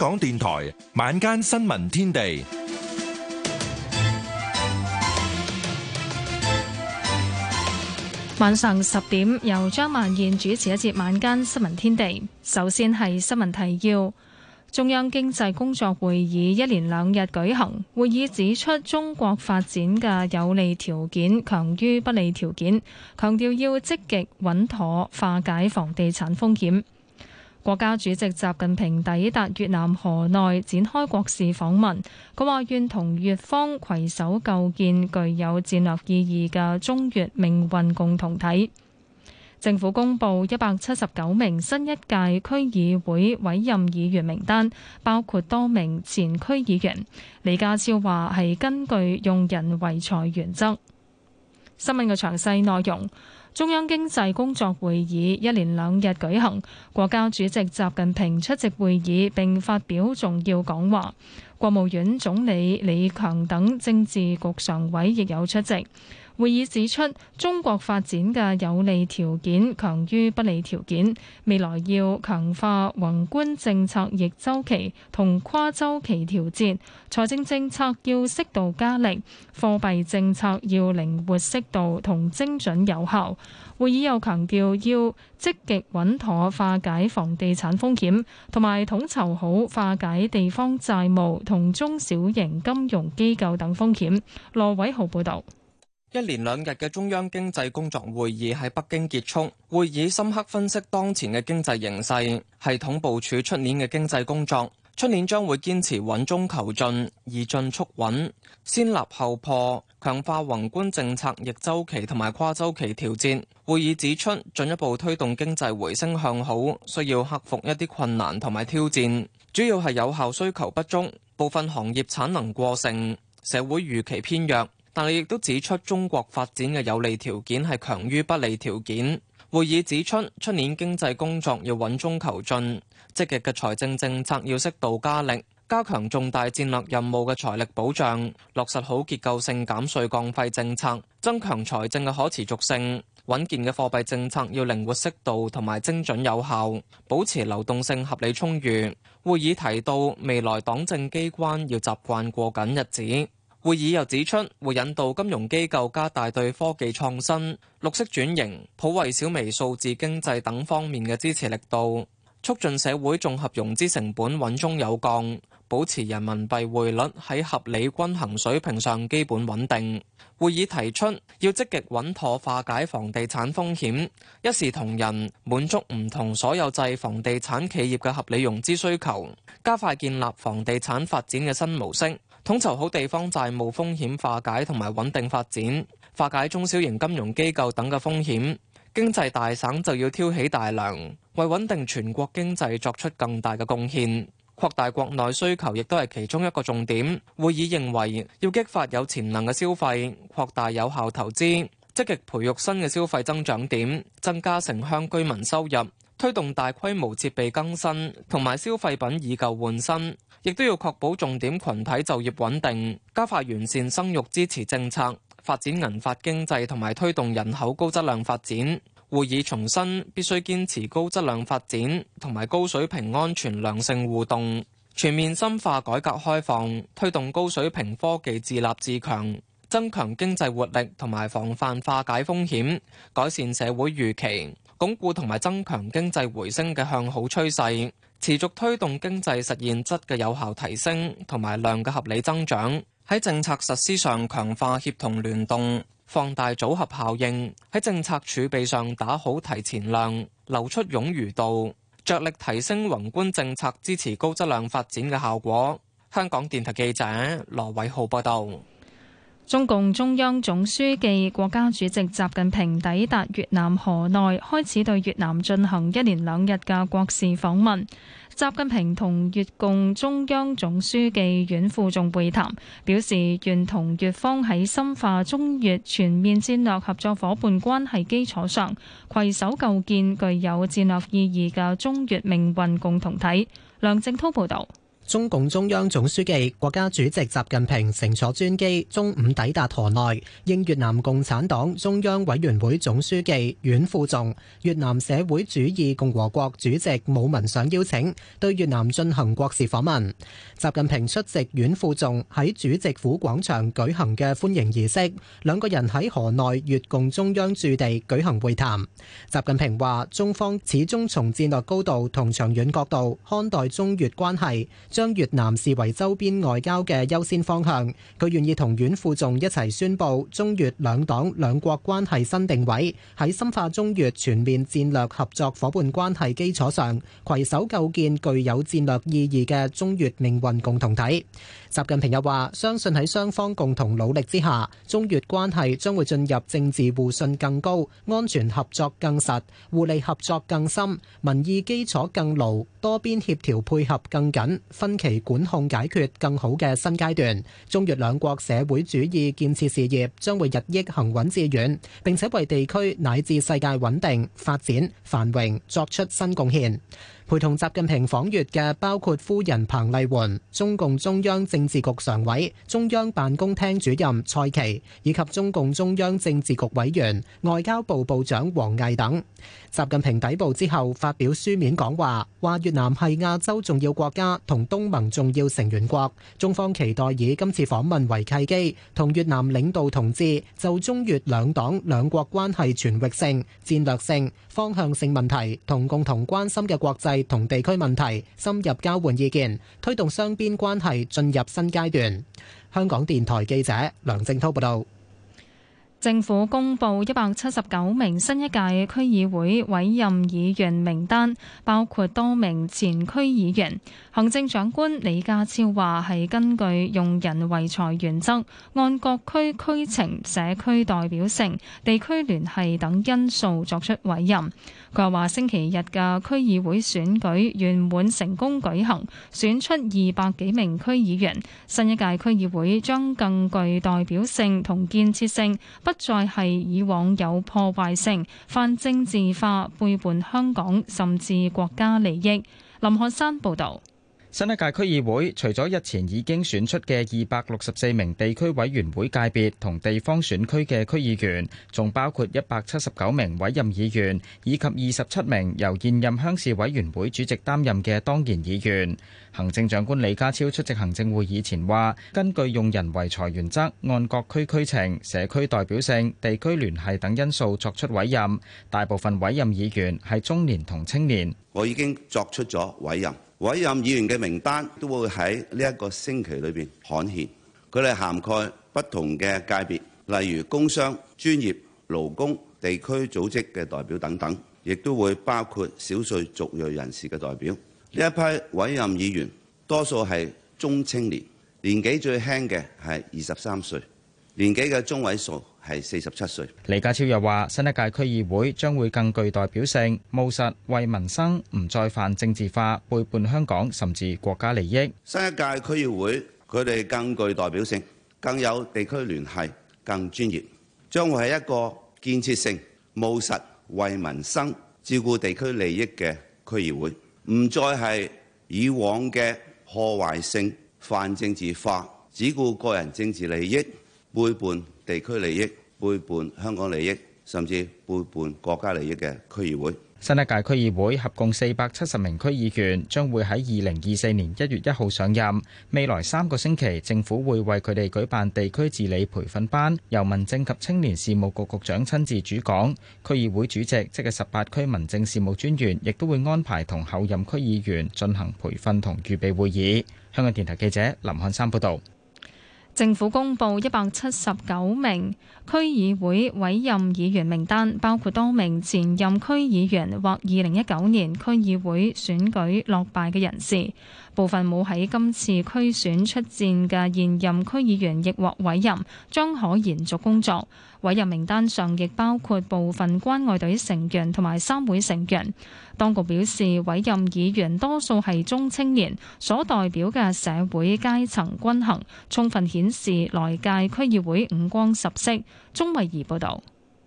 港電台晚間新聞天地，晚上十點由張萬燕主持一節晚間新聞天地。首先係新聞提要：中央經濟工作會議一連兩日舉行，會議指出中國發展嘅有利條件強於不利條件，強調要積極穩妥化解房地產風險。國家主席習近平抵達越南河內，展開國事訪問。佢話：願同越方攜手構建具有戰略意義嘅中越命運共同體。政府公布一百七十九名新一屆區議會委任議員名單，包括多名前區議員。李家超話：係根據用人唯才原則。新聞嘅詳細內容。中央經濟工作會議一連兩日舉行，國家主席習近平出席會議並發表重要講話。國務院總理李強等政治局常委亦有出席。會議指出，中國發展嘅有利條件強於不利條件，未來要強化宏觀政策逆周期同跨周期調節，財政政策要適度加力，貨幣政策要靈活適度同精準有效。會議又強調要積極穩妥化解房地產風險，同埋統籌好化解地方債務同中小型金融機構等風險。羅偉豪報道：一連兩日嘅中央經濟工作會議喺北京結束，會議深刻分析當前嘅經濟形勢，系統部署出年嘅經濟工作。出年將會堅持穩中求進，以進促穩，先立後破，強化宏觀政策逆周期同埋跨周期調節。會議指出，進一步推動經濟回升向好，需要克服一啲困難同埋挑戰，主要係有效需求不足、部分行業產能過剩、社會預期偏弱。但係亦都指出，中國發展嘅有利條件係強於不利條件。會議指出，出年經濟工作要穩中求進。積極嘅財政政策要適度加力，加強重大戰略任務嘅財力保障，落實好結構性減稅降費政策，增強財政嘅可持續性。穩健嘅貨幣政策要靈活適度同埋精準有效，保持流動性合理充裕。會議提到，未來黨政機關要習慣過緊日子。會議又指出，會引導金融機構加大對科技創新、綠色轉型、普惠小微、數字經濟等方面嘅支持力度。促進社會綜合融資成本穩中有降，保持人民幣匯率喺合理均衡水平上基本穩定。會議提出要積極穩妥化解房地產風險，一視同仁滿足唔同所有制房地產企業嘅合理融資需求，加快建立房地產發展嘅新模式，統籌好地方債務風險化解同埋穩定發展，化解中小型金融機構等嘅風險。經濟大省就要挑起大梁，為穩定全國經濟作出更大嘅貢獻。擴大國內需求亦都係其中一個重點。會議認為，要激發有潛能嘅消費，擴大有效投資，積極培育新嘅消費增長點，增加城鄉居民收入，推動大規模設備更新，同埋消費品以舊換新，亦都要確保重點群體就業穩定，加快完善生育支持政策。發展銀髮經濟同埋推動人口高質量發展。會議重申必須堅持高質量發展同埋高水平安全良性互動，全面深化改革開放，推動高水平科技自立自強，增強經濟活力同埋防範化解風險，改善社會預期，鞏固同埋增強經濟回升嘅向好趨勢，持續推動經濟實現質嘅有效提升同埋量嘅合理增長。喺政策實施上強化協同聯動，放大組合效應；喺政策儲備上打好提前量，留出冗餘度，着力提升宏觀政策支持高質量發展嘅效果。香港電台記者羅偉浩報道。中共中央總書記、國家主席習近平抵達越南河內，開始對越南進行一連兩日嘅國事訪問。習近平同越共中央總書記阮富仲會談，表示願同越方喺深化中越全面戰略合作伙伴關係基礎上，携手構建具有戰略意義嘅中越命運共同體。梁正濤報道。，中共中央總書記、國家主席習近平乘坐專機中午抵達河內，應越南共產黨中央委員會總書記阮富仲、越南社會主義共和國主席武文賞邀請，對越南進行國事訪問。習近平出席阮富仲喺主席府廣場舉行嘅歡迎儀式，兩個人喺河內越共中央駐地舉行會談。習近平話：中方始終從戰略高度同長遠角度看待中越關係。將越南視為周邊外交嘅優先方向，佢願意同阮富仲一齊宣布中越兩黨兩國關係新定位，喺深化中越全面戰略合作伙伴關係基礎上，攜手構建具有戰略意義嘅中越命運共同體。習近平又話：相信喺雙方共同努力之下，中越關係將會進入政治互信更高、安全合作更實、互利合作更深、民意基礎更牢、多邊協調配合更緊分。分期管控解決更好嘅新階段，中越兩國社會主義建設事業將會日益行穩致遠，並且為地區乃至世界穩定發展繁榮作出新貢獻。陪同習近平訪越嘅包括夫人彭麗媛、中共中央政治局常委、中央辦公廳主任蔡奇，以及中共中央政治局委員、外交部部長王毅等。習近平抵埗之後發表書面講話，話越南係亞洲重要國家同東盟重要成員國，中方期待以今次訪問為契機，同越南領導同志就中越兩黨兩國關係全局性、戰略性、方向性問題同共同關心嘅國際同地區問題深入交換意見，推動雙邊關係進入新階段。香港電台記者梁正滔報導。政府公布一百七十九名新一屆區議會委任議員名單，包括多名前區議員。行政長官李家超話：係根據用人唯才原則，按各區區情、社區代表性、地區聯繫等因素作出委任。佢話：星期日嘅區議會選舉圓滿成功舉行，選出二百幾名區議員。新一屆區議會將更具代表性同建設性，不再係以往有破壞性、泛政治化、背叛香港甚至國家利益。林漢山報導。新一屆區議會除咗日前已經選出嘅二百六十四名地區委員會界別同地方選區嘅區議員，仲包括一百七十九名委任議員，以及二十七名由現任鄉事委員會主席擔任嘅當然議員。行政長官李家超出席行政會議前話，根據用人唯才原則，按各區區情、社區代表性、地區聯繫等因素作出委任。大部分委任議員係中年同青年。我已經作出咗委任。委任議員嘅名單都會喺呢一個星期裏面刊憲，佢哋涵蓋不同嘅界別，例如工商、專業、勞工、地區組織嘅代表等等，亦都會包括少數族裔人士嘅代表。呢一批委任議員多數係中青年，年紀最輕嘅係二十三歲，年紀嘅中位數。係四十七歲，李家超又話：新一屆區議會將會更具代表性，務實為民生，唔再泛政治化，背叛香港甚至國家利益。新一屆區議會佢哋更具代表性，更有地區聯繫，更專業，將會係一個建設性、務實為民生、照顧地區利益嘅區議會，唔再係以往嘅破壞性、泛政治化、只顧個人政治利益、背叛地區利益，背叛香港利益，甚至背叛國家利益嘅區議會。新一屆區議會合共四百七十名區議員將會喺二零二四年一月一號上任。未來三個星期，政府會為佢哋舉辦地區治理培訓班，由民政及青年事務局局長親自主講。區議會主席即係十八區民政事務專員，亦都會安排同候任區議員進行培訓同預備會議。香港電台記者林漢山報道。政府公布一百七十九名區議會委任議員名單，包括多名前任區議員或二零一九年區議會選舉落敗嘅人士。部分冇喺今次區選出戰嘅現任區議員亦獲委任，將可延續工作。委任名單上亦包括部分關愛隊成員同埋三會成員。當局表示，委任議員多數係中青年，所代表嘅社會階層均衡，充分顯示來屆區議會五光十色。鍾慧儀報道。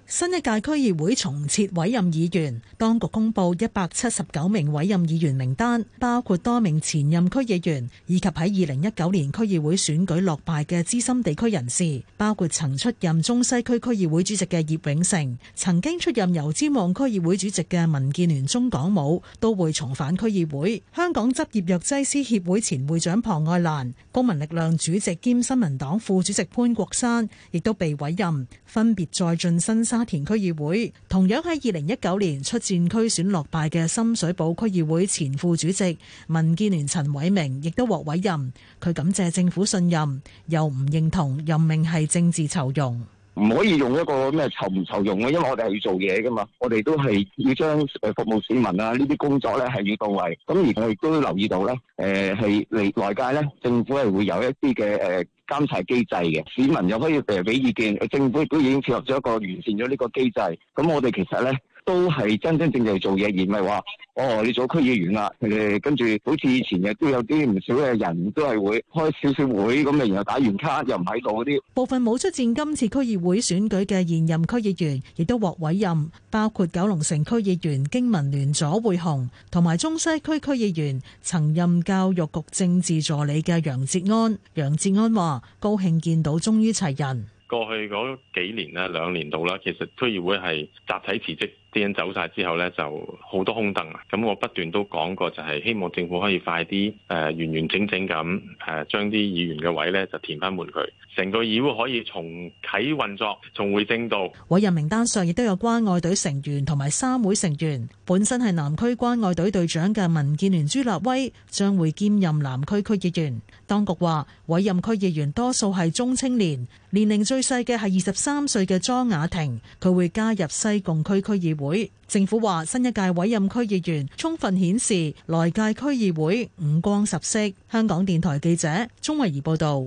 新一屆區議會重設委任議員，當局公布一百七十九名委任議員名單，包括多名前任區議員，以及喺二零一九年區議會選舉落敗嘅資深地區人士，包括曾出任中西區區議會主席嘅葉永成，曾經出任油尖旺區議會主席嘅民建聯鍾港武都會重返區議會。香港執業藥劑師協會前會長龐愛蘭、公民力量主席兼新民黨副主席潘國山亦都被委任，分別再晉身沙田區議會同樣喺二零一九年出戰區選落敗嘅深水埗區議會前副主席民建聯陳偉明亦都獲委任，佢感謝政府信任，又唔認同任命係政治酬庸。唔可以用一個咩籌唔籌用嘅，因為我哋係要做嘢㗎嘛，我哋都係要將誒服務市民啊，呢啲工作咧係要到位。咁而我亦都留意到咧，誒係嚟外界咧，政府係會有一啲嘅誒監察機制嘅，市民又可以誒俾意見，政府亦都已經設立咗一個完善咗呢個機制。咁我哋其實咧。都係真真正正做嘢，而唔係話哦，你做區議員啦，誒，跟住好似以前亦都有啲唔少嘅人都係會開少少會咁，咪然後打完卡又唔喺度嗰啲。部分冇出戰今次區議會選舉嘅現任區議員，亦都獲委任，包括九龍城區議員經民聯左滙雄，同埋中西區區議員曾任教育局政治助理嘅楊哲安。楊哲安話：高興見到終於齊人。過去嗰幾年咧，兩年度咧，其實區議會係集體辭職。啲人走晒之後呢，就好多空凳啊！咁我不斷都講過，就係希望政府可以快啲誒完完整整咁誒將啲議員嘅位呢就填翻滿佢，成個議會可以重啟運作、重回正道。委任名單上亦都有關愛隊成員同埋三會成員，本身係南區關愛隊隊長嘅民建聯朱立威將會兼任南區區議員。當局話委任區議員多數係中青年，年齡最細嘅係二十三歲嘅莊雅婷，佢會加入西貢區區議會。會政府話，新一屆委任區議員充分顯示，來屆區議會五光十色。香港電台記者鍾慧儀報道。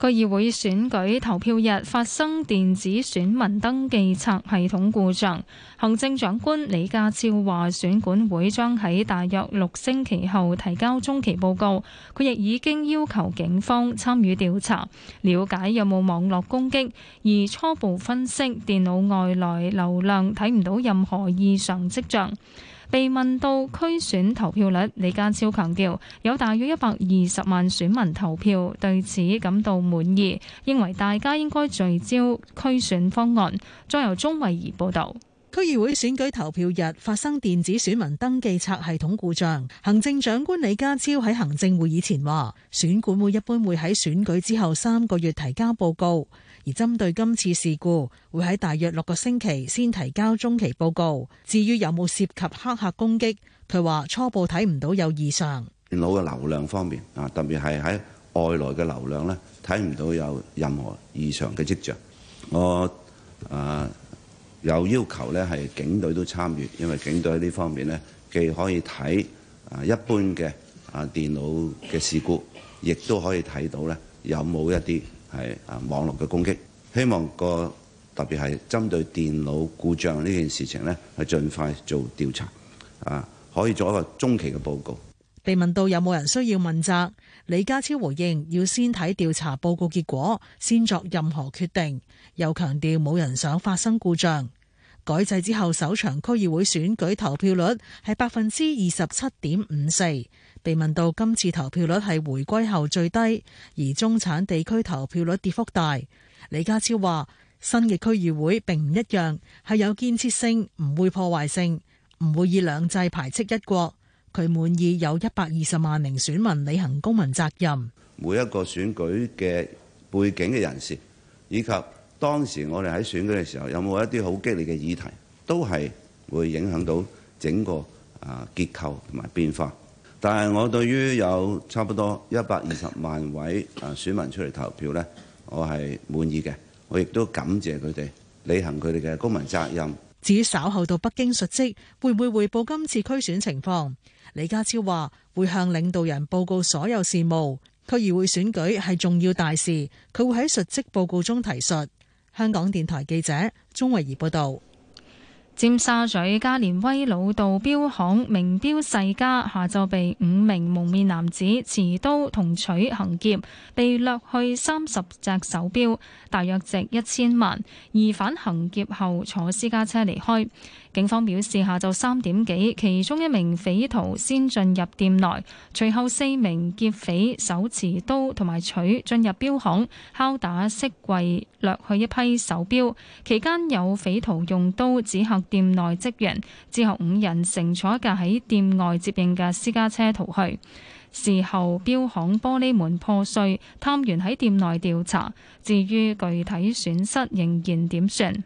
區議會選舉投票日發生電子選民登記冊系統故障，行政長官李家超話選管會將喺大約六星期後提交中期報告。佢亦已經要求警方參與調查，了解有冇網絡攻擊，而初步分析電腦外來流量睇唔到任何異常跡象。被問到區選投票率，李家超強調有大約一百二十萬選民投票，對此感到滿意，認為大家應該聚焦區選方案。再由鍾慧儀報導，區議會選舉投票日發生電子選民登記冊系統故障。行政長官李家超喺行政會議前話，選管會一般會喺選舉之後三個月提交報告。而針對今次事故，會喺大約六個星期先提交中期報告。至於有冇涉及黑客攻擊，佢話初步睇唔到有異常。電腦嘅流量方面啊，特別係喺外來嘅流量呢，睇唔到有任何異常嘅跡象。我啊、呃、有要求呢，係警隊都參與，因為警隊喺呢方面呢既可以睇啊一般嘅啊電腦嘅事故，亦都可以睇到呢有冇一啲。係啊，網絡嘅攻擊，希望個特別係針對電腦故障呢件事情呢，係盡快做調查，啊，可以做一個中期嘅報告。被問到有冇人需要問責，李家超回應要先睇調查報告結果，先作任何決定。又強調冇人想發生故障。改制之後首場區議會選舉投票率係百分之二十七點五四。被問到今次投票率係回歸後最低，而中產地區投票率跌幅大，李家超話：新嘅區議會並唔一樣，係有建設性，唔會破壞性，唔會以兩制排斥一國。佢滿意有一百二十萬名選民履行公民責任。每一個選舉嘅背景嘅人士，以及當時我哋喺選舉嘅時候有冇一啲好激烈嘅議題，都係會影響到整個啊結構同埋變化。但係，我對於有差不多一百二十萬位啊選民出嚟投票呢，我係滿意嘅。我亦都感謝佢哋履行佢哋嘅公民責任。至於稍後到北京述職，會唔會彙報今次區選情況？李家超話會向領導人報告所有事務。區議會選舉係重要大事，佢會喺述職報告中提述。香港電台記者鍾維怡報道。尖沙咀加連威老道標行名表世家下晝被五名蒙面男子持刀同取行劫，被掠去三十隻手表，大約值一千萬，疑犯行劫後坐私家車離開。警方表示，下晝三點幾，其中一名匪徒先進入店內，隨後四名劫匪手持刀同埋錘進入錶行，敲打飾櫃掠去一批手錶。期間有匪徒用刀指嚇店內職員，之後五人乘坐一架喺店外接應嘅私家車逃去。事後錶行玻璃門破碎，探員喺店內調查，至於具體損失仍然點算。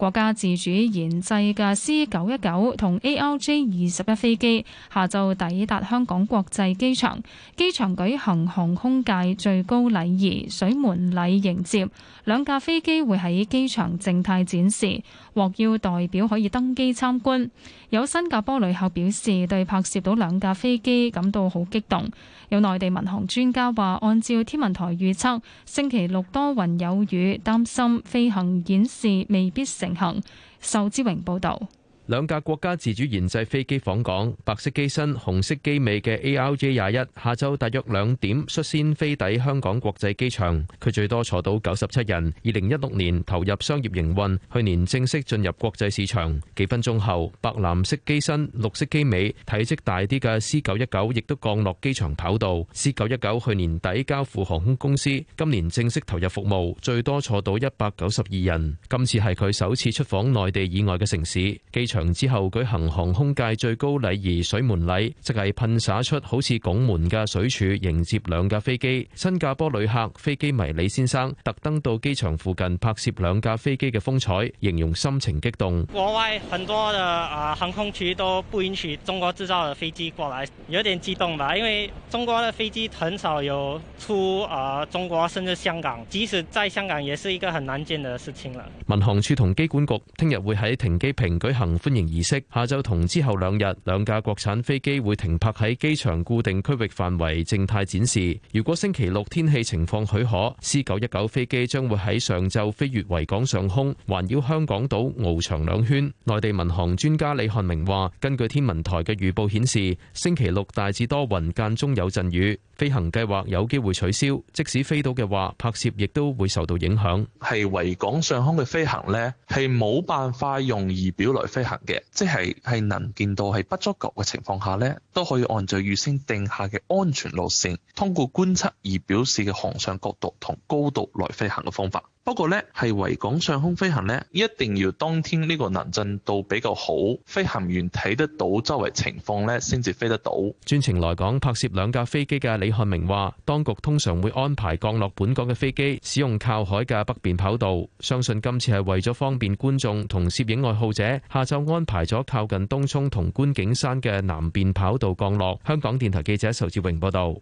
國家自主研製嘅 C 九一九同 ARJ 二十一飛機下晝抵達香港國際機場，機場舉行航空界最高禮儀水門禮迎接，兩架飛機會喺機場靜態展示，獲邀代表可以登機參觀。有新加坡旅客表示對拍攝到兩架飛機感到好激動。有內地民航專家話，按照天文台預測，星期六多雲有雨，擔心飛行演示未必成行。仇之榮報導。兩架國家自主研製飛機訪港，白色機身、紅色機尾嘅 A R J 廿一，下晝大約兩點率先飛抵香港國際機場。佢最多坐到九十七人。二零一六年投入商業營運，去年正式進入國際市場。幾分鐘後，白藍色機身、綠色機尾、體積大啲嘅 C 九一九亦都降落機場跑道。C 九一九去年底交付航空公司，今年正式投入服務，最多坐到一百九十二人。今次係佢首次出訪內地以外嘅城市機場。之後舉行航空界最高禮儀水門禮，即係噴灑出好似拱門嘅水柱迎接兩架飛機新加坡旅客飛機迷李先生特登到機場附近拍攝兩架飛機嘅風采，形容心情激動。國外很多嘅啊航空區都不允許中國製造嘅飛機過來，有點激動吧？因為中國的飛機很少有出啊中國甚至香港，即使在香港也是一個很難見的事情了。民航處同機管局聽日會喺停機坪舉行歡迎儀式下晝同之後兩日，兩架國產飛機會停泊喺機場固定區域範圍靜態展示。如果星期六天氣情況許可，C 九一九飛機將會喺上晝飛越維港上空，環繞香港島翱翔兩圈。內地民航專家李漢明話，根據天文台嘅預報顯示，星期六大致多雲，間中有陣雨，飛行計劃有機會取消。即使飛到嘅話，拍攝亦都會受到影響。係維港上空嘅飛行呢，係冇辦法用儀表來飛行。嘅即係係能見度係不足夠嘅情況下呢，都可以按照預先定下嘅安全路線，通過觀測而表示嘅航上角度同高度來飛行嘅方法。不過呢，係維港上空飛行呢，一定要當天呢個能見度比較好，飛行員睇得到周圍情況呢，先至飛得到。專程來港拍攝兩架飛機嘅李漢明話，當局通常會安排降落本港嘅飛機使用靠海嘅北邊跑道，相信今次係為咗方便觀眾同攝影愛好者，下晝，安排咗靠近東涌同觀景山嘅南邊跑道降落。香港電台記者仇志榮報道。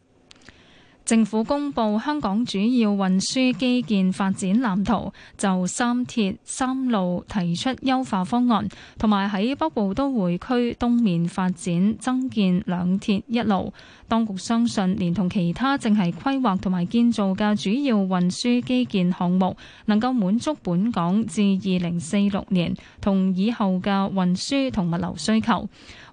政府公布香港主要運輸基建發展藍圖，就三鐵三路提出優化方案，同埋喺北部都會區東面發展增建兩鐵一路。當局相信，連同其他正係規劃同埋建造嘅主要運輸基建項目，能夠滿足本港至二零四六年同以後嘅運輸同物流需求。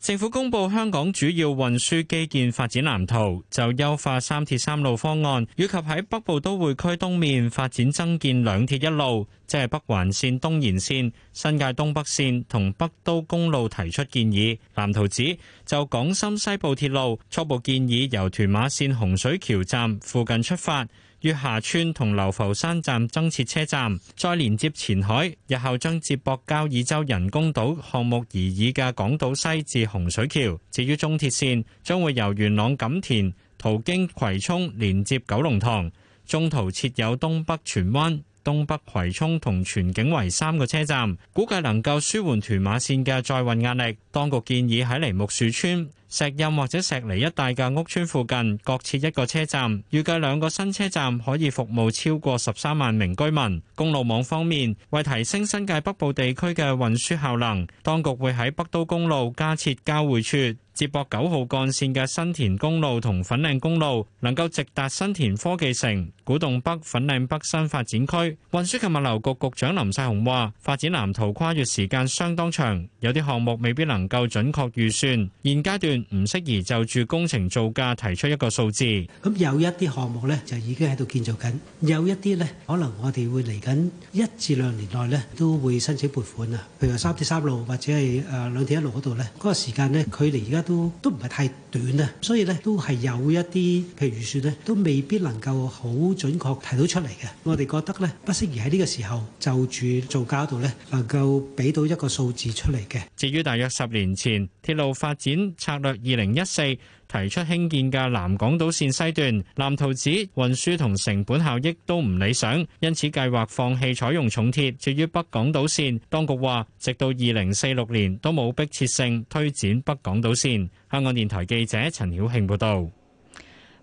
政府公布香港主要運輸基建發展藍圖，就優化三鐵三路方案，以及喺北部都會區東面發展增建兩鐵一路，即係北環線東延線、新界東北線同北都公路，提出建議。藍圖指就港深西部鐵路初步建議由屯馬線洪水橋站附近出發。月下村同流浮山站增設車站，再連接前海，日後將接駁交椅洲人工島項目而以嘅港島西至洪水橋。至於中鐵線，將會由元朗錦田途經葵涌連接九龍塘，中途設有東北荃灣、東北葵涌同荃景圍三個車站，估計能夠舒緩屯馬線嘅載運壓力。當局建議喺梨木樹村，石蔭或者石籬一帶嘅屋邨附近各設一個車站，預計兩個新車站可以服務超過十三萬名居民。公路網方面，為提升新界北部地區嘅運輸效能，當局會喺北都公路加設交匯處。接駁九號幹線嘅新田公路同粉嶺公路，能夠直達新田科技城、古洞北、粉嶺北新發展區。運輸及物流局局長林世雄話，發展藍圖跨越時間相當長，有啲項目未必能夠準確預算，現階段唔適宜就住工程造價提出一個數字。咁有一啲項目呢就已經喺度建造緊，有一啲呢可能我哋會嚟緊一至兩年內呢都會申請撥款啊。譬如話三鐵三路或者係誒兩鐵一路嗰度呢，嗰個時間呢距離而家。都都唔係太短啊，所以咧都係有一啲譬如說咧，都未必能夠好準確提到出嚟嘅。我哋覺得咧，不適宜喺呢個時候就住做假到咧，能夠俾到一個數字出嚟嘅。至於大約十年前鐵路發展策略二零一四提出興建嘅南港島線西段藍圖，指運輸同成本效益都唔理想，因此計劃放棄採用重鐵。至於北港島線，當局話直到二零四六年都冇迫切性推展北港島線。香港電台記者陳曉慶報道。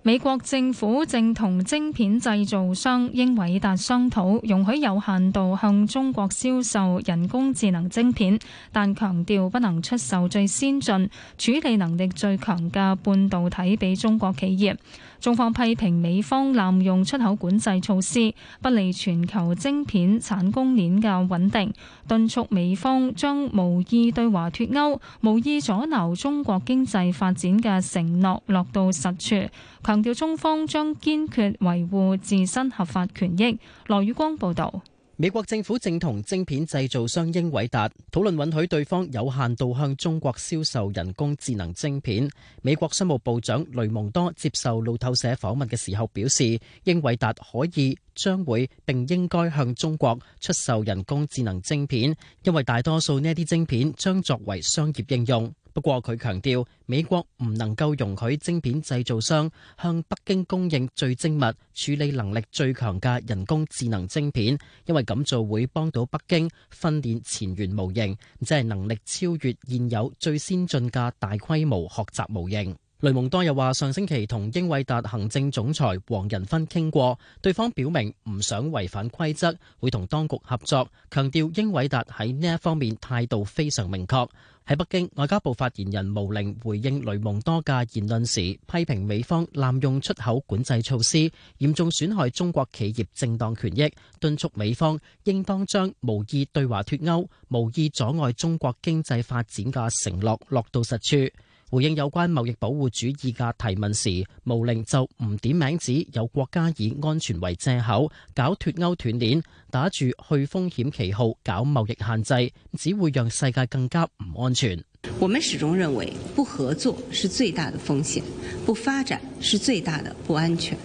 美國政府正同晶片製造商英偉達商討，容許有限度向中國銷售人工智能晶片，但強調不能出售最先進、處理能力最強嘅半導體俾中國企業。中方批評美方濫用出口管制措施，不利全球晶片產供鏈嘅穩定，敦促美方將無意對華脫鉤、無意阻撓中國經濟發展嘅承諾落到實處，強調中方將堅決維護自身合法權益。羅宇光報導。美國政府正同晶片製造商英偉達討論允許對方有限度向中國銷售人工智能晶片。美國商務部長雷蒙多接受路透社訪問嘅時候表示，英偉達可以、將會並應該向中國出售人工智能晶片，因為大多數呢啲晶片將作為商業應用。不過佢強調，美國唔能夠容許晶片製造商向北京供應最精密、處理能力最強嘅人工智能晶片，因為咁做會幫到北京訓練前沿模型，即係能力超越現有最先進嘅大規模學習模型。雷蒙多又話，上星期同英偉達行政總裁黃仁芬傾過，對方表明唔想違反規則，會同當局合作，強調英偉達喺呢一方面態度非常明確。喺北京，外交部發言人毛寧回應雷蒙多嘅言論時，批評美方濫用出口管制措施，嚴重損害中國企業正當權益，敦促美方應當將無意對華脫歐、無意阻礙中國經濟發展嘅承諾落，落到實處。回應有關貿易保護主義嘅提問時，毛寧就唔點名指有國家以安全為借口搞脱歐斷鏈，打住去風險旗號搞貿易限制，只會讓世界更加唔安全。我們始終認為，不合作是最大的風險，不發展是最大的不安全。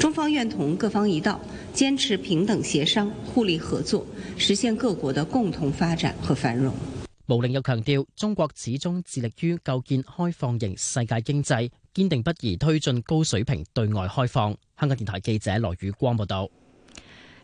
中方願同各方一道，堅持平等協商、互利合作，實現各國的共同發展和繁榮。毛寧又強調，中國始終致力於構建開放型世界經濟，堅定不移推進高水平對外開放。香港電台記者羅宇光報道。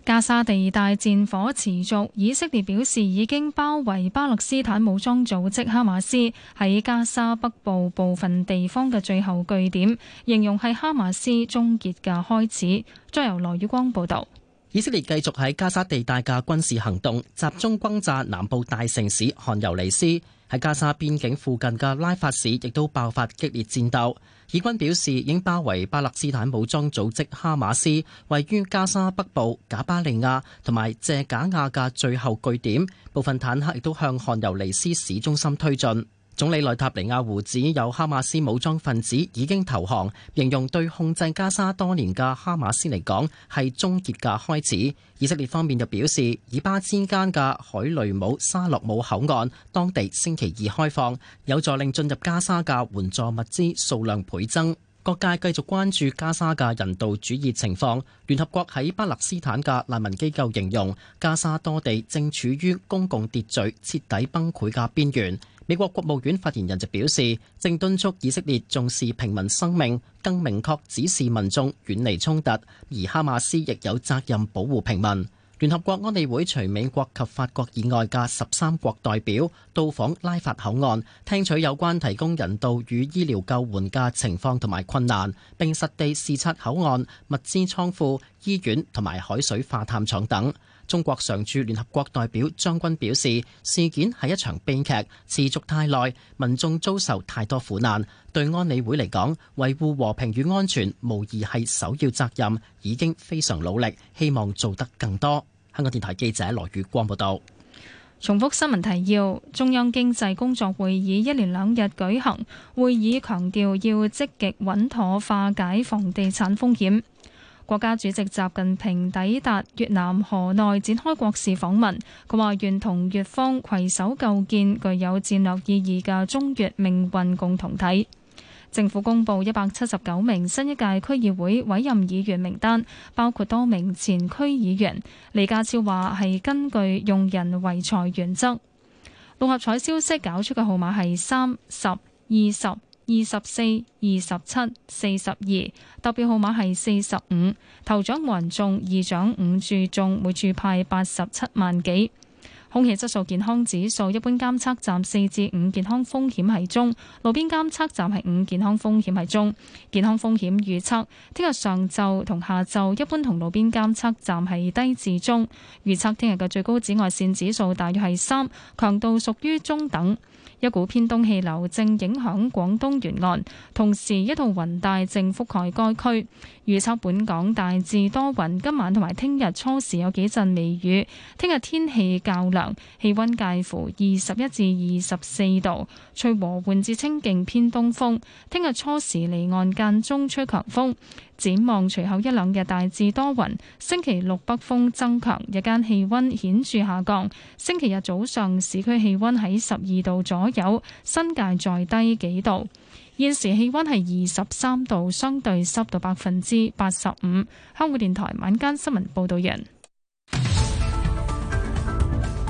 加沙地帶戰火持續，以色列表示已經包圍巴勒斯坦武裝組織哈馬斯喺加沙北部部分地方嘅最後據點，形容係哈馬斯終結嘅開始。再由羅宇光報道。以色列繼續喺加沙地帶嘅軍事行動，集中轟炸南部大城市汗尤尼斯。喺加沙邊境附近嘅拉法市亦都爆發激烈戰鬥。以軍表示，已經包圍巴勒斯坦武裝組織哈馬斯位於加沙北部賈巴利亞同埋謝賈亞嘅最後據點。部分坦克亦都向汗尤尼斯市中心推進。總理內塔尼亞胡指，有哈馬斯武裝分子已經投降，形容對控制加沙多年嘅哈馬斯嚟講係終結嘅開始。以色列方面又表示，以巴之間嘅海雷姆沙洛姆口岸當地星期二開放，有助令進入加沙嘅援助物資數量倍增。各界繼續關注加沙嘅人道主義情況。聯合國喺巴勒斯坦嘅難民機構形容，加沙多地正處於公共秩序徹底崩潰嘅邊緣。美國國務院發言人就表示，正敦促以色列重視平民生命，更明確指示民眾遠離衝突，而哈馬斯亦有責任保護平民。聯合國安理會除美國及法國以外嘅十三國代表到訪拉法口岸，聽取有關提供人道與醫療救援嘅情況同埋困難，並實地視察口岸、物資倉庫、醫院同埋海水化淡廠等。中國常駐聯合國代表張軍表示，事件係一場悲劇，持續太耐，民眾遭受太多苦難。對安理會嚟講，維護和平與安全無疑係首要責任，已經非常努力，希望做得更多。香港電台記者羅宇光報道。重複新聞提要：中央經濟工作會議一連兩日舉行，會議強調要積極穩妥化解房地產風險。國家主席習近平抵達越南河內展開國事訪問，佢話願同越方携手構建具有戰略意義嘅中越命運共同體。政府公布一百七十九名新一屆區議會委任議員名單，包括多名前區議員。李家超話係根據用人唯才原則。六合彩消息搞出嘅號碼係三十二十。二十四、二十七、四十二，特別號碼係四十五。頭獎冇人中，二獎五注中，每注派八十七萬幾。空氣質素健康指數，一般監測站四至五，健康風險係中；路邊監測站係五，健康風險係中。健康風險預測，聽日上晝同下晝一般同路邊監測站係低至中。預測聽日嘅最高紫外線指數大約係三，強度屬於中等。一股偏東氣流，正影響廣東沿岸，同時一道雲帶正覆蓋該區。預測本港大致多雲，今晚同埋聽日初時有幾陣微雨。聽日天氣較涼，氣溫介乎二十一至二十四度，吹和緩至清勁偏東風，聽日初時離岸間中吹強風。展望隨後一兩日大致多雲，星期六北風增強，日間氣溫顯著下降。星期日早上市區氣溫喺十二度左。有新界再低幾度，現時氣溫係二十三度，相對濕度百分之八十五。香港電台晚間新聞報道人，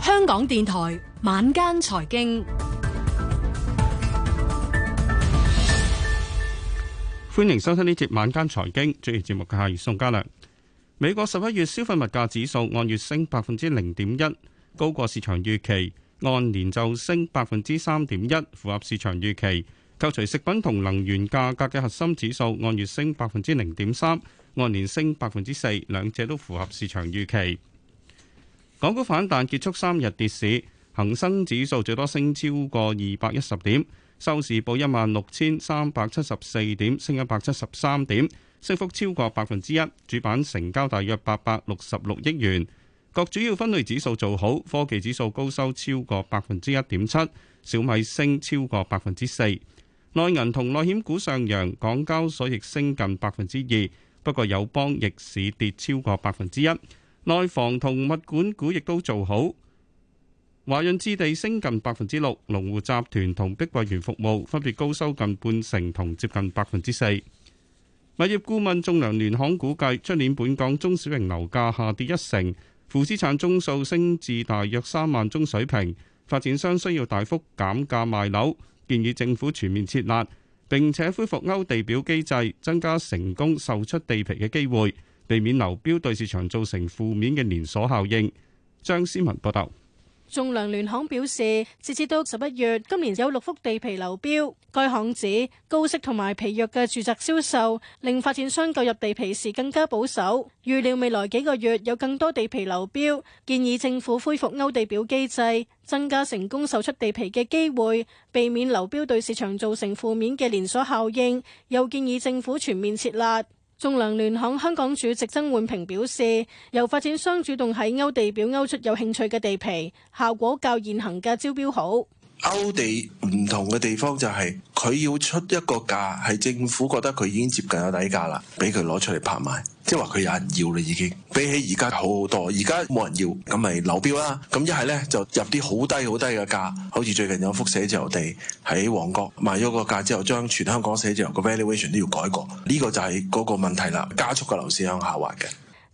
香港電台晚間財經，歡迎收聽呢節晚間財經，主持節目嘅係宋嘉良。美國十一月消費物價指數按月升百分之零點一，高過市場預期。按年就升百分之三點一，符合市場預期。扣除食品同能源價格嘅核心指數，按月升百分之零點三，按年升百分之四，兩者都符合市場預期。港股反彈結束三日跌市，恒生指數最多升超過二百一十點，收市報一萬六千三百七十四點，升一百七十三點，升幅超過百分之一。主板成交大約八百六十六億元。各主要分類指數做好，科技指數高收超過百分之一點七，小米升超過百分之四。內銀同內險股上揚，港交所亦升近百分之二。不過友邦逆市跌超過百分之一，內房同物管股亦都做好。華潤置地升近百分之六，龍湖集團同碧桂園服務分別高收近半成同接近百分之四。物業顧問仲量聯行估計，出年本港中小型樓價下跌一成。負資產宗數升至大約三萬宗水平，發展商需要大幅減價賣樓，建議政府全面設立，並且恢復勾地表機制，增加成功售出地皮嘅機會，避免流標對市場造成負面嘅連鎖效應。張思文報道。仲量聯行表示，截至到十一月，今年有六幅地皮流標。該行指高息同埋疲弱嘅住宅銷售令發展商購入地皮時更加保守，預料未來幾個月有更多地皮流標。建議政府恢復勾地表機制，增加成功售出地皮嘅機會，避免流標對市場造成負面嘅連鎖效應。又建議政府全面設立。仲量聯行香港主席曾婉平表示，由發展商主動喺勾地表勾出有興趣嘅地皮，效果較現行嘅招標好。歐地唔同嘅地方就係，佢要出一個價，係政府覺得佢已經接近有底價啦，俾佢攞出嚟拍賣，即係話佢有人要啦已經。比起而家好好多，而家冇人要，咁咪流標啦。咁一係呢，就入啲好低好低嘅價，好似最近有幅寫字樓地喺旺角賣咗個價之後，將全香港寫字樓個 valuation 都要改過。呢個就係嗰個問題啦，加速個樓市向下滑嘅。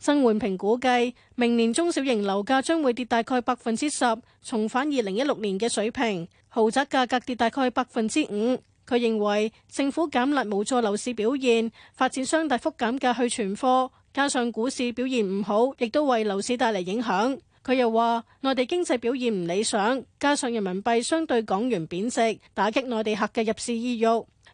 曾煥平估計，明年中小型樓價將會跌大概百分之十，重返二零一六年嘅水平；豪宅價格跌大概百分之五。佢認為政府減辣無助樓市表現，發展商大幅減價去存貨，加上股市表現唔好，亦都為樓市帶嚟影響。佢又話內地經濟表現唔理想，加上人民幣相對港元貶值，打擊內地客嘅入市意欲。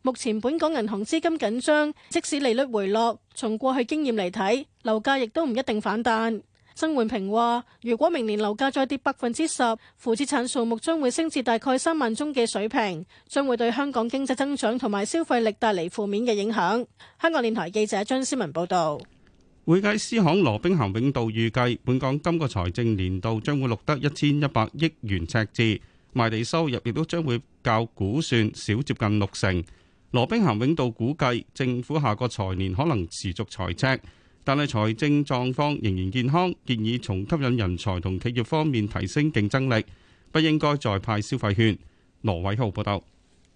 目前本港銀行資金緊張，即使利率回落，從過去經驗嚟睇，樓價亦都唔一定反彈。曾煥平話：如果明年樓價再跌百分之十，負資產數目將會升至大概三萬宗嘅水平，將會對香港經濟增長同埋消費力帶嚟負面嘅影響。香港電台記者張思文報道。會計師行羅兵咸永道預計，本港今個財政年度將會錄得一千一百億元赤字，賣地收入亦都將會較估算少接近六成。羅兵咸永道估計，政府下個財年可能持續財赤，但係財政狀況仍然健康。建議從吸引人才同企業方面提升競爭力，不應該再派消費券。羅偉浩報道。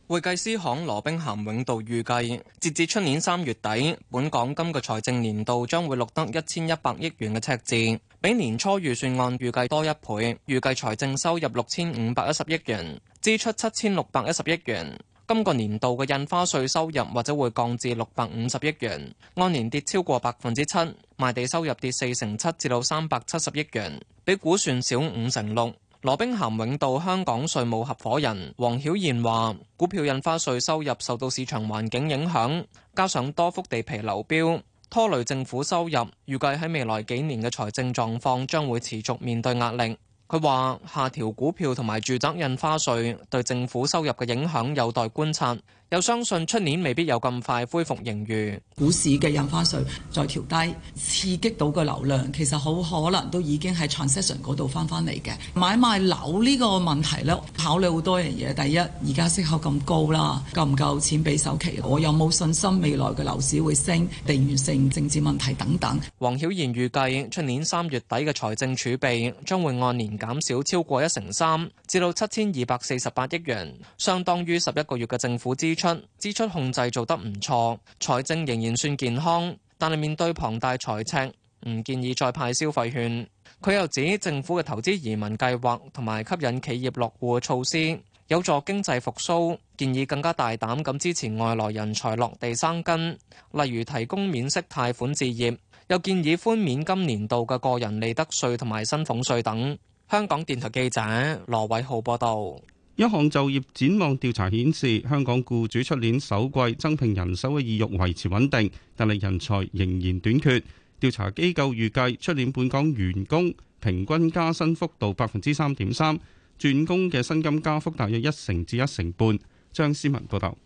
會計師行羅兵咸永道預計，截至出年三月底，本港今個財政年度將會錄得一千一百億元嘅赤字，比年初預算案預計多一倍。預計財政收入六千五百一十億元，支出七千六百一十億元。今個年度嘅印花稅收入或者會降至六百五十億元，按年跌超過百分之七，賣地收入跌四成七，至到三百七十億元，比估算少五成六。羅兵咸永道香港稅務合夥人黃曉賢話：股票印花稅收入受到市場環境影響，加上多幅地皮流標，拖累政府收入。預計喺未來幾年嘅財政狀況將會持續面對壓力。佢話：下調股票同埋住宅印花稅對政府收入嘅影響有待觀察。又相信出年未必有咁快恢復盈餘。股市嘅印花稅再調低，刺激到個流量，其實好可能都已經喺 transaction 嗰度翻翻嚟嘅。買賣樓呢個問題咧，考慮好多樣嘢。第一，而家息口咁高啦，夠唔夠錢俾首期？我有冇信心未來嘅樓市會升，地緣性政治問題等等。黃曉賢預計出年三月底嘅財政儲備將會按年減少超過一成三，至到七千二百四十八億元，相當於十一個月嘅政府支出。支出控制做得唔錯，財政仍然算健康，但係面對龐大財赤，唔建議再派消費券。佢又指政府嘅投資移民計劃同埋吸引企業落戶嘅措施有助經濟復甦，建議更加大膽咁支持外來人才落地生根，例如提供免息貸款置業，又建議寬免今年度嘅個人利得稅同埋薪俸稅等。香港電台記者羅偉浩報道。一項就業展望調查顯示，香港僱主出年首季增聘人手嘅意欲維持穩定，但係人才仍然短缺。調查機構預計出年本港員工平均加薪幅度百分之三點三，轉工嘅薪金加幅大約一成至一成半。張思文報道。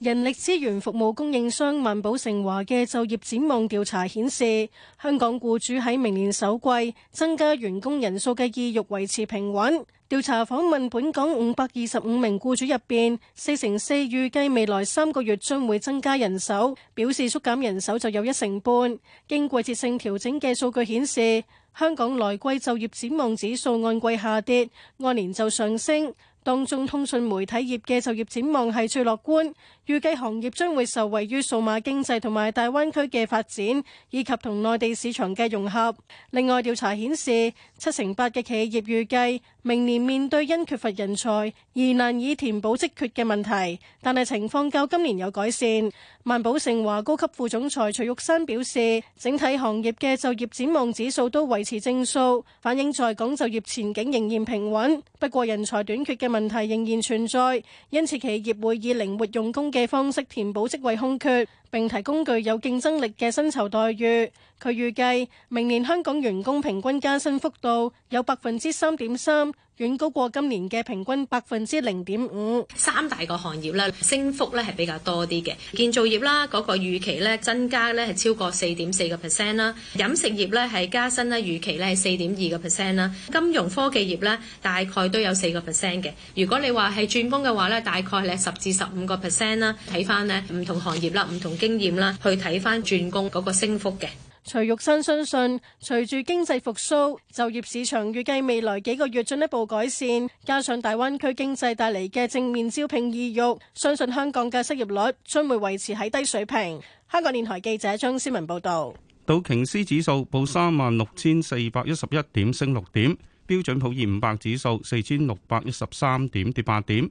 人力資源服務供應商萬寶盛華嘅就業展望調查顯示，香港僱主喺明年首季增加員工人數嘅意欲維持平穩。調查訪問本港五百二十五名僱主入邊，四成四預計未來三個月將會增加人手，表示縮減人手就有一成半。經季節性調整嘅數據顯示，香港來季就業展望指數按季下跌，按年就上升。當中通訊媒體業嘅就業展望係最樂觀。預計行業將會受惠於數碼經濟同埋大灣區嘅發展，以及同內地市場嘅融合。另外，調查顯示七成八嘅企業預計明年面對因缺乏人才而難以填補職缺嘅問題，但係情況較今年有改善。萬寶盛華高級副總裁徐玉山表示，整體行業嘅就業展望指數都維持正數，反映在港就業前景仍然平穩。不過，人才短缺嘅問題仍然存在，因此企業會以靈活用工嘅。嘅方式填補職位空缺，並提供具有競爭力嘅薪酬待遇。佢預計，明年香港員工平均加薪幅度有百分之三點三。遠高過今年嘅平均百分之零點五。三大個行業啦，升幅咧係比較多啲嘅。建造業啦，嗰個預期咧增加咧係超過四點四個 percent 啦。飲食業咧係加薪咧預期咧係四點二個 percent 啦。金融科技業咧大概都有四個 percent 嘅。如果你話係轉工嘅話咧，大概咧十至十五個 percent 啦。睇翻咧唔同行業啦、唔同經驗啦，去睇翻轉工嗰個升幅嘅。徐玉新相信，隨住經濟復甦，就業市場預計未來幾個月進一步改善，加上大灣區經濟帶嚟嘅正面招聘意欲，相信，信香港嘅失業率將會維持喺低水平。香港電台記者張思文報導。道瓊斯指數報三萬六千四百一十一點，升六點。標準普爾五百指數四千六百一十三點，跌八點。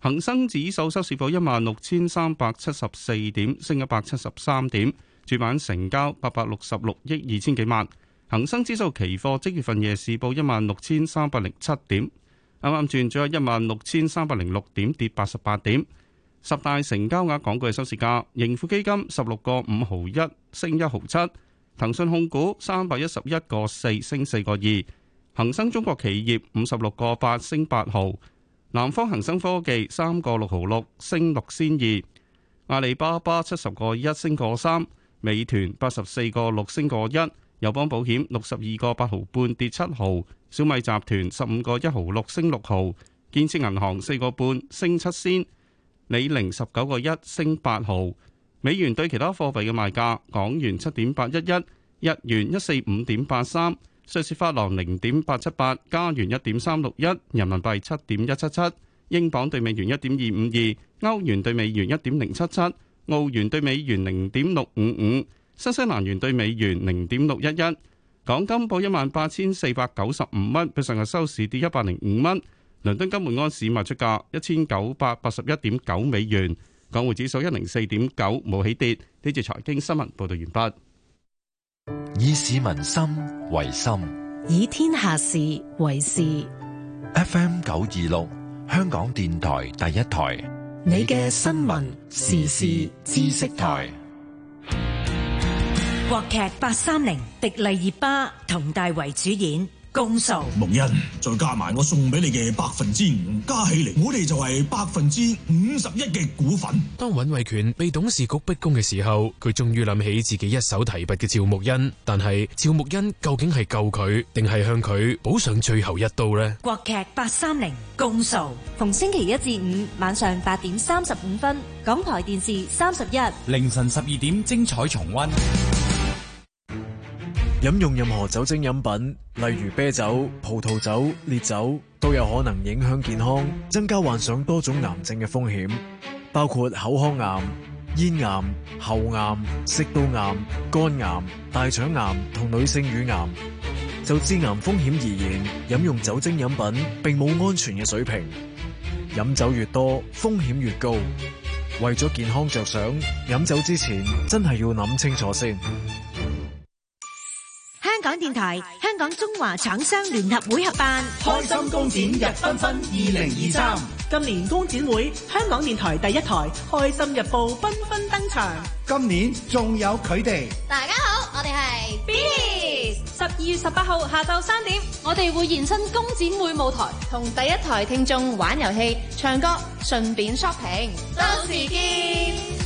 恒生指數收收市報一萬六千三百七十四點，升一百七十三點。主板成交八百六十六億二千幾萬，恒生指數期貨即月份夜市報一萬六千三百零七點，啱啱轉咗一萬六千三百零六點，跌八十八點。十大成交額港股嘅收市價，盈富基金十六個五毫一，升一毫七；騰訊控股三百一十一個四，升四個二；恒生中國企業五十六個八，升八毫；南方恒生科技三個六毫六，升六仙二；阿里巴巴七十個一，升個三。美團八十四個六升個一，友邦保險六十二個八毫半跌七毫，小米集團十五個一毫六升六毫，建設銀行四個半升七仙，李寧十九個一升八毫，美元對其他貨幣嘅賣價：港元七點八一一，日元一四五點八三，瑞士法郎零點八七八，加元一點三六一，人民幣七點一七七，英鎊兌美元一點二五二，歐元兌美元一點零七七。澳元兌美元零點六五五，新西蘭元兌美元零點六一一，港金報一萬八千四百九十五蚊，比上日收市跌一百零五蚊。倫敦金每盎司賣出價一千九百八十一點九美元，港匯指數一零四點九，冇起跌。呢段財經新聞報道完畢。以市民心為心，以天下事為事。F M 九二六，香港電台第一台。你嘅新聞時事知識台，國劇八三零，迪麗熱巴、佟大為主演。公訴，木恩，再加埋我送俾你嘅百分之五，加起嚟，我哋就係百分之五十一嘅股份。當尹慧權被董事局逼供嘅時候，佢終於諗起自己一手提拔嘅趙木恩，但係趙木恩究竟係救佢，定係向佢補上最後一刀呢？國劇八三零公訴，逢星期一至五晚上八點三十五分，港台電視三十一，凌晨十二點精彩重溫。飲用任何酒精飲品，例如啤酒、葡萄酒、烈酒，都有可能影響健康，增加患上多種癌症嘅風險，包括口腔癌、咽癌、喉癌、食道癌、肝癌、大腸癌同女性乳癌。就致癌風險而言，飲用酒精飲品並冇安全嘅水平，飲酒越多，風險越高。為咗健康着想，飲酒之前真係要諗清楚先。香港電台、香港中華廠商聯合會合辦開心工展日紛紛，繽紛二零二三。今年工展會，香港電台第一台《開心日報》繽紛登場。今年仲有佢哋。大家好，我哋係 BTS。十二月十八號下晝三點，我哋會延伸工展會舞台，同第一台聽眾玩遊戲、唱歌，順便 shopping。到時見。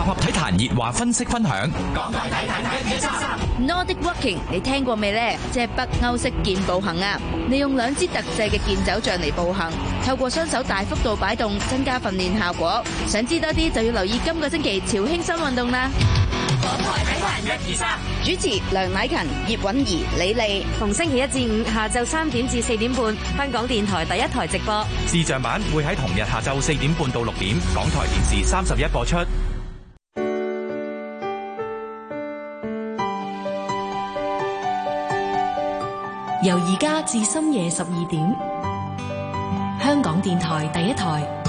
集合體壇熱話分析分享，港台體壇一二三，Nordic Walking 你聽過未呢？即係北歐式健步行啊！利用兩支特製嘅健走杖嚟步行，透過雙手大幅度擺動，增加訓練效果。想知多啲就要留意今個星期潮興新運動啦！港台體壇一二三，主持梁乃勤、葉允怡、李麗，逢星期一至五下晝三點至四點半，香港電台第一台直播。視像版會喺同日下晝四點半到六點，港台電視三十一播出。由而家至深夜十二點，香港電台第一台。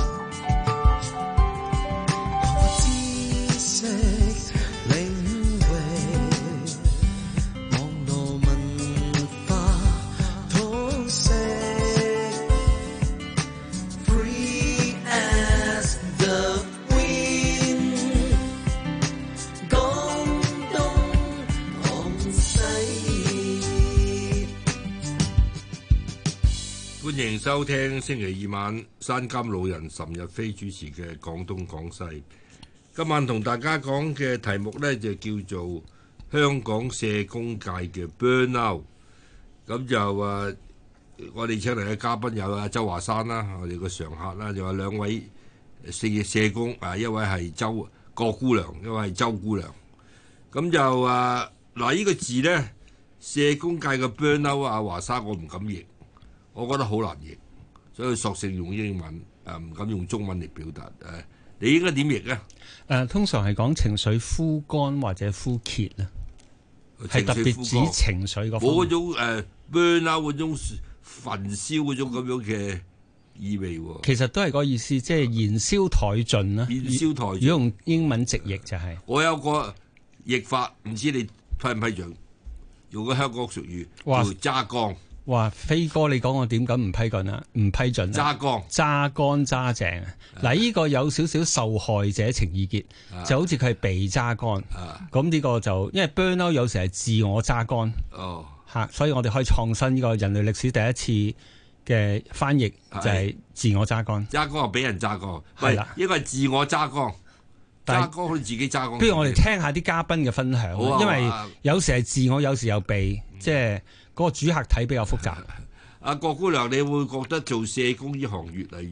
收聽星期二晚山金老人岑日飛主持嘅廣東廣西，今晚同大家講嘅題目呢就叫做香港社工界嘅 burnout，咁就話我哋請嚟嘅嘉賓有阿周華山啦，我哋個常客啦，就有兩位四社工，啊一位係周郭姑娘，一位係周姑娘，咁就啊嗱呢個字呢社工界嘅 burnout 啊華山我唔敢認。我覺得好難譯，所以索性用英文誒，唔敢用中文嚟表達誒。你應該點譯呢？誒、呃，通常係講情緒枯乾或者枯竭咧，係特別指情緒個、呃。冇嗰種誒 burn out，嗰、呃、種焚燒嗰種咁樣嘅意味、啊。其實都係個意思，即、就、係、是、燃燒殆盡啦。燒如果用英文直譯就係、呃、我有個譯法，唔知你批唔批准？用個香港俗語叫做揸光、呃。呃哇飛哥，你講我點咁唔批准啊？唔批准揸乾揸乾揸正啊！嗱，呢個有少少受害者情意結，就好似佢係被揸乾。咁呢個就因為 burnout 有時係自我揸乾。哦，吓，所以我哋可以創新呢個人類歷史第一次嘅翻譯就係自我揸乾。揸乾就俾人揸乾，係啦，一個係自我揸乾，揸乾可以自己揸乾。不如我哋聽下啲嘉賓嘅分享，因為有時係自我，有時又被，即係。個主客體比較複雜，阿郭姑娘，你會覺得做社工呢行越嚟越。